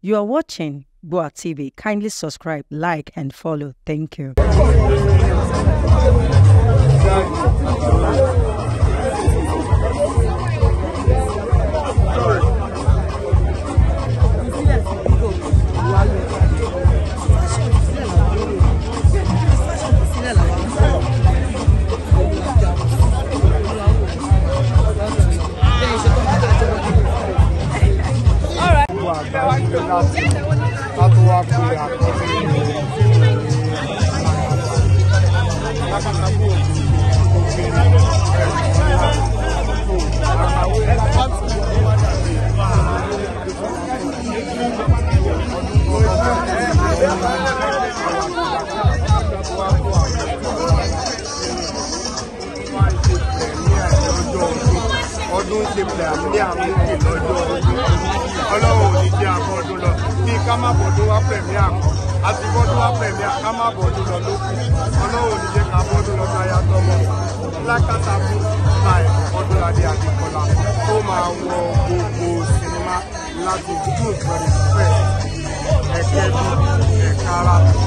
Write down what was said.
You are watching Boa TV. Kindly subscribe, like, and follow. Thank you. Not walk látolátóak, the látolátóak, ọdún ṣe pẹ̀ ní àmúkè lọ́jọ́ ọlọ́run ò ní jẹ́ àbọ̀dún lọ bí ká má bọ̀dún wá pẹ̀ ní àmú wá pẹ̀ ní ká má bọ̀dún lọ ló ọlọ́run ò ní jẹ́ ká bọ́dún lọ ká yá tọmọ lákàtà fún táì ọdúnládé adékọlá tó máa wọ gbogbo sinimá láti june twenty ẹ̀kẹ́ bí ẹ̀ka ara.